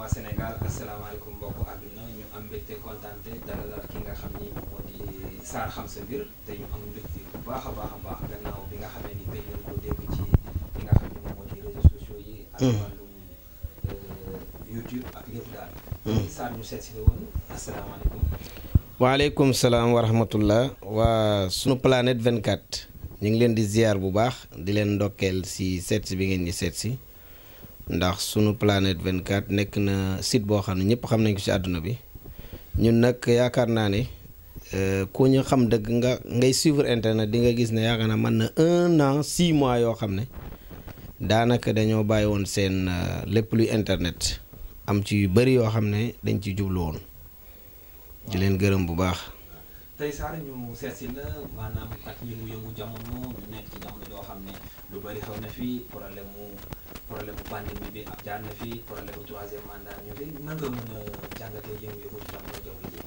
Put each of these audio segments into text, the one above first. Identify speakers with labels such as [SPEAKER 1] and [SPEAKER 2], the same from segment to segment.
[SPEAKER 1] waa Sénégal asalaamaaleykum mbokku àdduna ñu am mbégte kontaante dalal ki nga xam ni moo di Sarr Xam Sa Mbir te ñu am mbégte bu baax a baax a baax gannaaw bi nga xamee ni gëj nañ ko dégg ci li nga xam ni moo di réseaux sociaux yi. ak hmm. wàllum euh, YouTube ak yëpp daal. Hmm. ñu seet la woon asalaamaaleykum.
[SPEAKER 2] waaleykum salaam wa rahmatullah waa sunu planète 24 ñu ngi leen di ziar bu baax di leen ndokkeel si seet bi ngeen di seet si. ndax sunu vingt 24 nekk na site boo xam ne ñëpp xam nañ ko ci àdduna bi ñun nag yaakaar naa ne euh, ko ñu xam dëgg nga ngay suivre internet di nga gis ne yaakaar na mën na un an six mois yoo xam ne daanaka dañoo bàyyi woon seen euh, lépp luy internet am ci yu bëri yoo xam ne dañ ci jublu woon di leen gërëm bu baax.
[SPEAKER 1] tay sar ñu seet na manam maanaam ak yëngu-yëngu jamono ñu nekk ci jamono joo xam ne lu bari xaw na fi problème mu problème pandémie bi ak jaar na fi problème mu troisième mandat ñu fi nan nga mën a jàngatee yëngu-yëngu ci jamono jamono ji.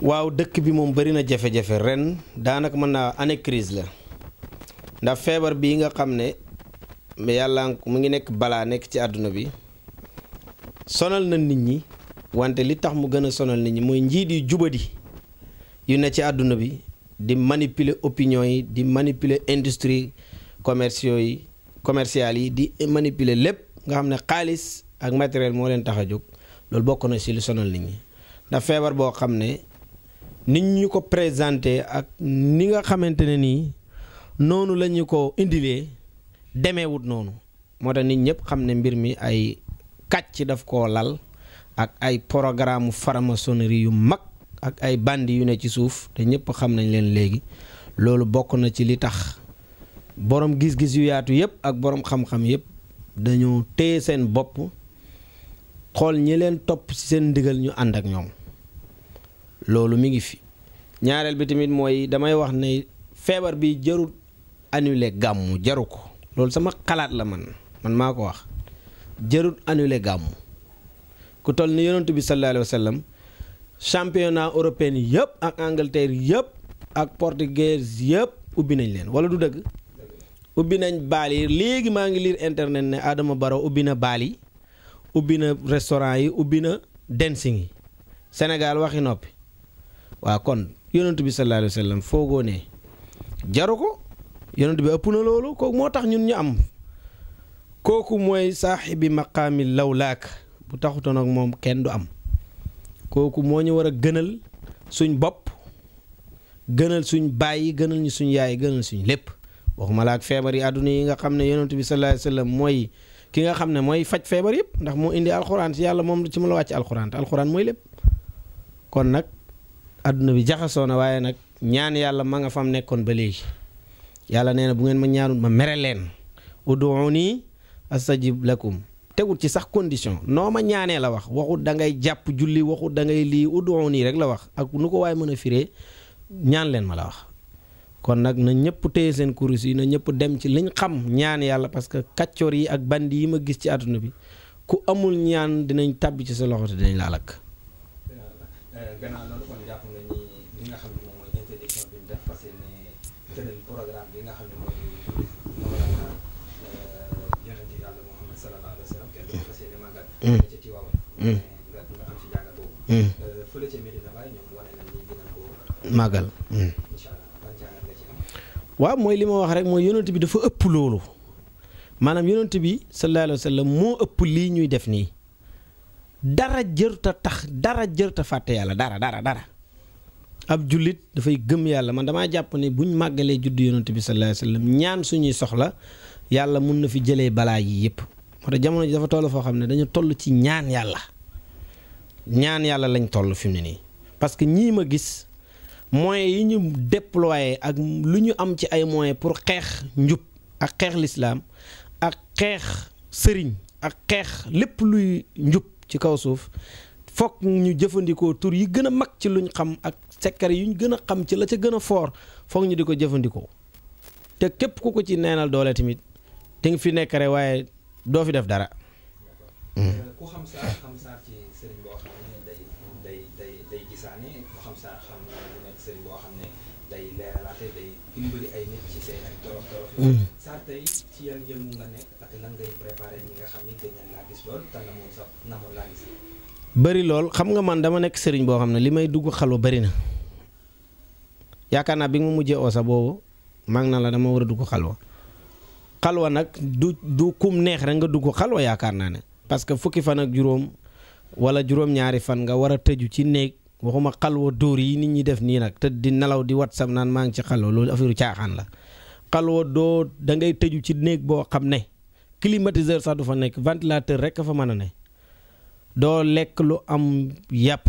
[SPEAKER 2] waaw dëkk bi moom bari na jafe-jafe ren daanaka mën naa année crise la ndax feebar bi nga xam ne mais yàlla mu ngi nekk balaa nekk ci àdduna bi sonal na nit ñi wante li tax mu gën a sonal nit ñi mooy njiit yu jubadi. yu ne ci àdduna bi di manipuler opinion yi di manipuler industrie commerciaux yi commercial yi di manipuler lépp nga xam ne xaalis ak matériel moo leen tax a jóg loolu bokk na ci lu sonal nit ñi ndax feebar boo xam ne nit ñu ko présenté ak ni nga xamante ne nii noonu la ñu ko indilee demeewut noonu moo tax nit ñëpp xam ne mbir mi ay kàcc daf ko lal ak ay programme faramasonerie yu mag ak ay bandi yu ne ci suuf te ñëpp xam nañ leen léegi loolu bokk na ci li tax boroom gis-gis yu yaatu yëpp ak boroom xam-xam yëpp dañoo téye seen bopp xool ñi leen topp ci seen ndigal ñu ànd ak ñoom loolu mi ngi fi ñaareel bi tamit mooy damay wax ni feebar bi jarul annulé gàmmu jaru ko loolu sama xalaat la man man maa ko wax jarul annulé gàmmu ku toll ni yonent bi sallallahu alayhi wa championnat européen yëpp ak Angleterre yëpp ak portugaise yëpp ubbi nañ leen wala du dëgg ubbi nañ baal yi léegi maa ngi liir internet ne Adama Barrow ubbi na baal yi ubbi na restaurant yi ubbi na dancing yi Sénégal waxi noppi waaw kon yonent bi sallallahu alayhi wa jaru ko yonent bi ëpp na loolu kooku moo tax ñun ñu am kooku mooy saaxibi maqaami lawlaak bu taxutoon ak moom kenn du am kooku moo ñu war a gënal suñ bopp gënal suñ bàyyi yi gënal suñ yaay gënal suñ lépp waxuma la feebar yi àdduna yi nga xam ne yonent bi sallallahu alayhi wa sallam mooy ki nga xam ne mooy faj feebar yëpp ndax moo indi alxuraan yàlla moom ci ma la wàcc alxuraan te alxuraan mooy lépp kon nag àdduna bi jaxasoo na waaye nag ñaan yàlla ma nga fam nekkoon ba léegi yàlla nee na bu ngeen ma ñaanul ma mere leen uduuni astajib lakum tegul ci sax condition noo ma ñaanee la wax waxut da ngay jàpp julli waxut da ngay lii udoo nii rek la wax ak nu ko waaye mën a firee ñaan leen ma la wax kon nag na ñëpp téye seen kurus yi na ñëpp dem ci liñ xam ñaan yàlla parce que kàccoor yi ak band yi ma gis ci àdduna bi ku amul ñaan dinañ tàbbi ci sa loxo te dinañ laa lakk.
[SPEAKER 1] sallallahu mm. mm. mm. eh, eh,
[SPEAKER 2] waaw mooy li ma wax rek mooy yonent bi dafa ëpp loolu maanaam yonent bi sallallahu alayhi moo ëpp lii ñuy def nii dara jërta tax dara jërta fàtte yàlla dara dara dara ab jullit dafay gëm yàlla man damaa jàpp ne buñ màggalee juddu yonent bi sallallahu alayhi ñaan suñuy soxla yàlla mun na fi jëlee balaa yi yëpp moo tax jamono ji dafa toll foo xam ne dañu tollu ci ñaan yàlla ñaan yàlla lañ toll fi mu ne nii parce que ñii ma gis moyens yi ñu déployer ak lu ñu am ci ay moyens pour xeex njub ak xeex lislaam ak xeex sëriñ ak xeex lépp luy njub ci kaw suuf fokk ñu jëfandikoo tur yi gën a mag ci luñ xam ak sekkar yi ñu gën a xam ci la ca gën a foor fokk ñu di ko jëfandikoo te képp ku ko ci neenal doole tamit di nga fi nekk rek waaye do fi def dara.
[SPEAKER 1] Hmm. ku xam sa xam sa ci sëriñ boo xam day day day day gisaane ku xam sa xam lu nekk
[SPEAKER 2] nga man dama nek serigne bo xamne limay dugg xalu bari na yakarna bi mu mujjé sa mag na la dama wara dugg xalu xalwa nag du du kum neex rek nga dugg xalwa yaakaar naa ne parce que fukki fan ak juróom wala juróom-ñaari fan nga war a tëju ci néeg waxuma xalwa dóor yi nit ñi def nii nag te di nelaw di whatsapp naan maa ngi ci xalwa loolu affaire caaxaan la xalwa doo da ngay tëju ci néeg boo xam ne climatiseur sax du fa nekk ventilateur rek a fa mën a ne doo lekk lu am yàpp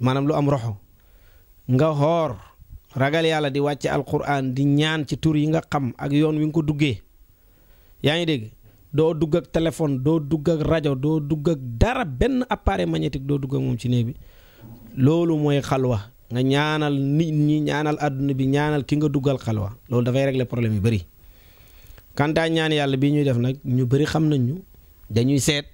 [SPEAKER 2] maanaam lu am roxo nga xoor ragal yàlla di wàcce alquran di ñaan ci tur yi nga xam ak yoon wi nga ko duggee yaa ngi dégg doo dugg ak téléphone doo dugg ak rajo doo dugg ak dara benn appareil magnétique doo dugg ak moom ci néeg bi loolu mooy xalwa nga ñaanal nit ñi ñaanal àdduna bi ñaanal ki nga duggal xalwa loolu dafay régler problème yu bëri. kantaa ñaan yàlla bii ñuy def nag ñu bëri xam nañ ñu dañuy seet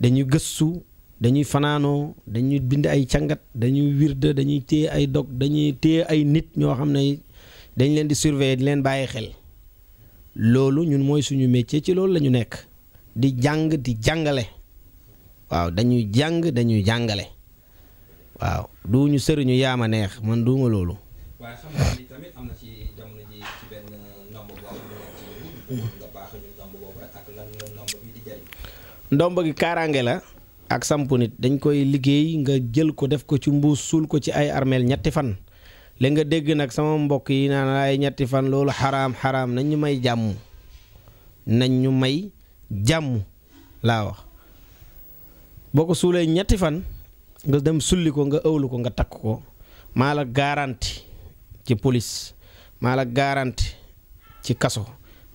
[SPEAKER 2] dañuy gëstu dañuy fanaanoo dañuy bind ay càngat dañuy wirde dañuy téye ay dog dañuy téye ay nit ñoo xam ne dañ leen di surveiller leen bàyyi xel. loolu ñun mooy suñu métier ci loolu lañu nekk di jàng di jàngale waaw dañuy jàng dañuy jàngale waaw du ñu sëriñu yaama neex man duuma loolu. ndomb ndomb gi kaaraange la ak sampu nit dañ koy liggéey nga jël ko def ko ci mbuus suul ko ci ay armeel ñetti fan. li nga dégg nag sama mbokk yi naan ay ñetti fan loolu xaraam xaraam nañ ñu may jàmm nañ ñu may jàmm laa wax boo ko suulee ñetti fan nga dem sulli ko nga ëwlu ko nga takk ko maa la garanti ci polis maa la garanti ci kaso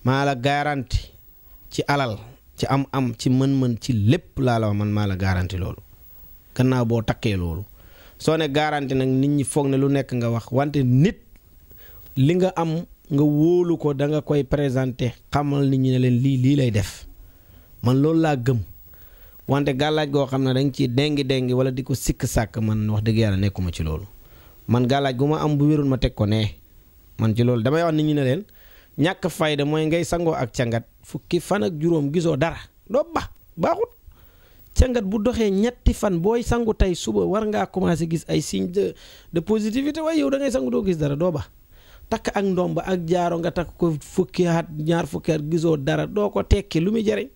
[SPEAKER 2] maa la garanti ci alal ci am am ci mën-mën ci lépp laa la man maa la garanti loolu gannaaw boo takkee loolu soo ne garanti nag nit ñi foog ne lu nekk nga wax wante nit li nga am nga wóolu ko da nga koy présenté xamal nit ñi ne leen lii lii lay def man loolu laa gëm wante gàllaaj goo xam ne da nga ciy dengi dengi wala di ko sikk sàkk man wax dëgg yàlla nekkuma ci loolu man gàllaaj gu ma am bu wérul ma teg ko nee man ci loolu damay wax nit ñi ne leen ñàkk fayda mooy ngay sangoo ak cangat fukki fan ak juróom gisoo dara doo baaxut cangat bu doxee ñetti fan booy sangu tey suba war ngaa commencé gis ay signe de de positivité waaye yow da ngay sangu doo gis dara doo ba takk ak ndomb ak jaaro nga takk ko fukki at ñaar fukki at gisoo dara doo ko tekki lu muy jariñ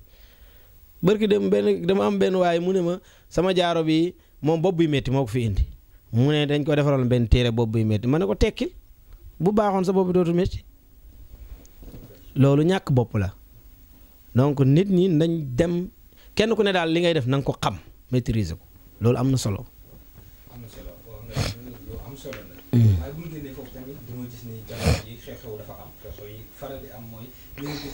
[SPEAKER 2] bërki dem benn dama am benn waaye mu ne ma sama jaaro bi moom bopp bi métti moo ko fi indi mu ne dañ ko defaroon benn téere bopp buy métti ma ne ko tekkil bu baaxoon sa bopp dootu métti loolu ñàkk bopp la donc nit ñi nañ dem kenn ku ne daal li ngay def na ko xam maîtriser ko loolu am na solo. am na
[SPEAKER 1] solo am solo mm. waaye bu ñu génnee foofu tamit am xew-xew di am mooy ñu ngi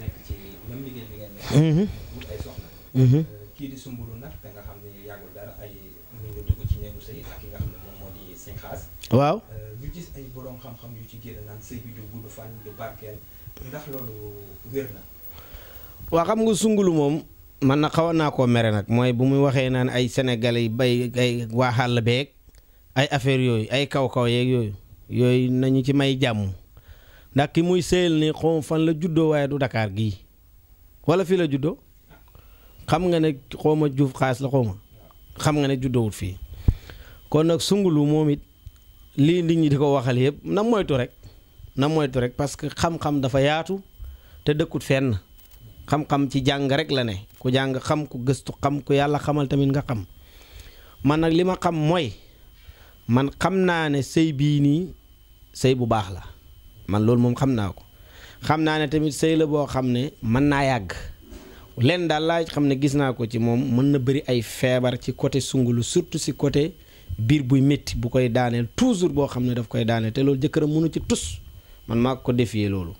[SPEAKER 1] nekk ci nekk. Mm-hmm. ay soxna. Mm-hmm. Euh, kii di sumbulu nag da nga xam ne yàggul ci néegu sëy ak ki nga xam ne moom moo di sëñ xaas. waaw euh, ñu gis ay borom xam-xam yu ci génn naan sëy bi du fan du barkeel. ndax
[SPEAKER 2] waa xam nga sungulu moom man na xawoon naa koo mere nag mooy bu muy waxee naa naan ay sénégalais yi bay ay waa xàll beeg ay affaire yooyu ay kaw-kaw yeeg yooyu yooyu nañu ci may jàmm ndax ki muy sëyal ni xaw fan la juddoo waaye du dakaar gii wala fii la juddoo xam nga ne xaw ma juuf xaas la xaw xam nga ne juddoowut fii kon nag sungulu moom it lii nit ñi di ko waxal yëpp na moytu rek na moytu rek parce que xam-xam dafa yaatu te dëkkut fenn xam-xam ci jàng rek la ne ku jàng xam ku gëstu xam ku yàlla xamal tamit nga xam man nag li ma xam mooy man xam naa ne sëy bii nii sëy bu baax la man loolu moom xam naa ko xam naa ne tamit sëy la boo xam ne mën naa yàgg lenn daal laa xam ne gis naa ko ci moom mën na bari ay feebar ci côté sungulu surtout si côté biir buy métti bu koy daaneel toujours boo xam ne daf koy daaneel te loolu jëkkëram mënu ci tus man ma maa ko defee loolu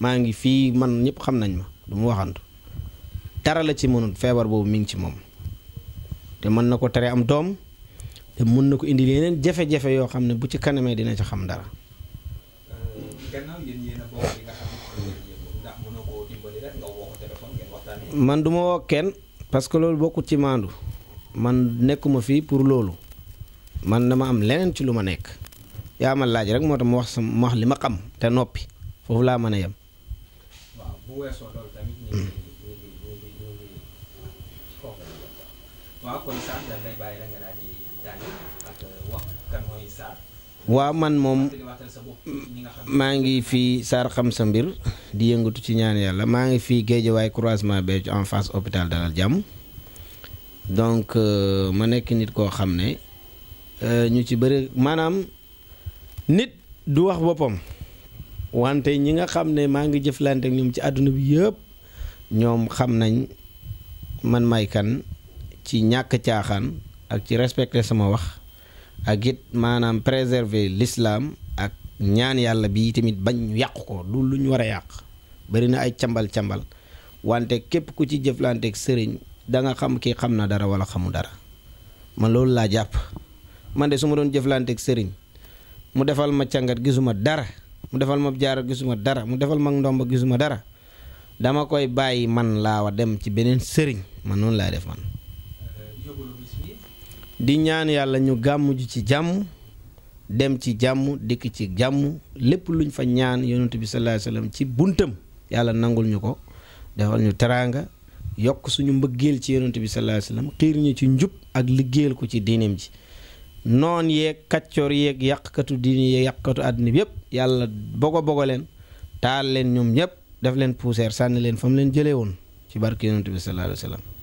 [SPEAKER 2] maa ngi fii man ñëpp xam nañ ma du waxantu dara la ci mënul feebar boobu mi ngi ci moom te mën na ko tere am doom te mën na ko indi leneen jafe-jafe yoo xam ne bu ci kanamee dina ci xam dara. man duma ma woo kenn parce que loolu bokkut ci maandu man nekkuma fii pour loolu man dama am leneen ci lu ma nekk. yaa ma laaj rek moo tax mu wax sama ma li ma xam te noppi foofu laa mën a yem. waaw man moom maa ngi fii Sarr xam sa mbir di yëngatu ci ñaan yàlla maa ngi fii Géejawaay croisement Béthio en face hôpital Dalal Jàmm donc euh, ma nekk nit koo xam ne euh, ñu ci bëri maanaam. nit du wax bopam wante ñi nga xamne ne nga ngi jëflante ak ñoom ci aduna bi yépp ñom xam nañ man may kan ci ñak tiaxan ak ci respecter sama wax ak it manam préserver l'islam ak ñaan yalla bi tamit bañ yaq ko du lu ñu war bari na ay cambal-cambal wante képp ku ci ak sëriñ da nga xam ki xamna na dara wala xamu dara man loolu la japp man de suma doon doon ak sëriñ mu defal ma càngat gisuma dara mu defal ma jaar gisuma dara mu defal ma ndomba gisuma dara dama koy bàyyi man laawa dem ci beneen sëriñ man noonu laay def man di ñaan yàlla ñu gàmm ji ci jàmm dem ci jàmm dikk ci jàmm lépp luñ fa ñaan yonent bi sallallahu alayhi ci buntam yàlla nangul ñu ko defal ñu teraanga yokk suñu mbëggeel ci yonent bi sallallahu alayhi wasallam xiir ñu ci njub ak liggéeyal ko ci diineem ji noon yeeg kaccoor yeeg yàqkatu diini yàq katu àddina bi yëpp yàlla bogo bogo leen taal leen ñoom ñëpp def leen poussière sànni leen fa mu leen jëlee woon ci barke yonent bi sallallahu alayhi wa sallam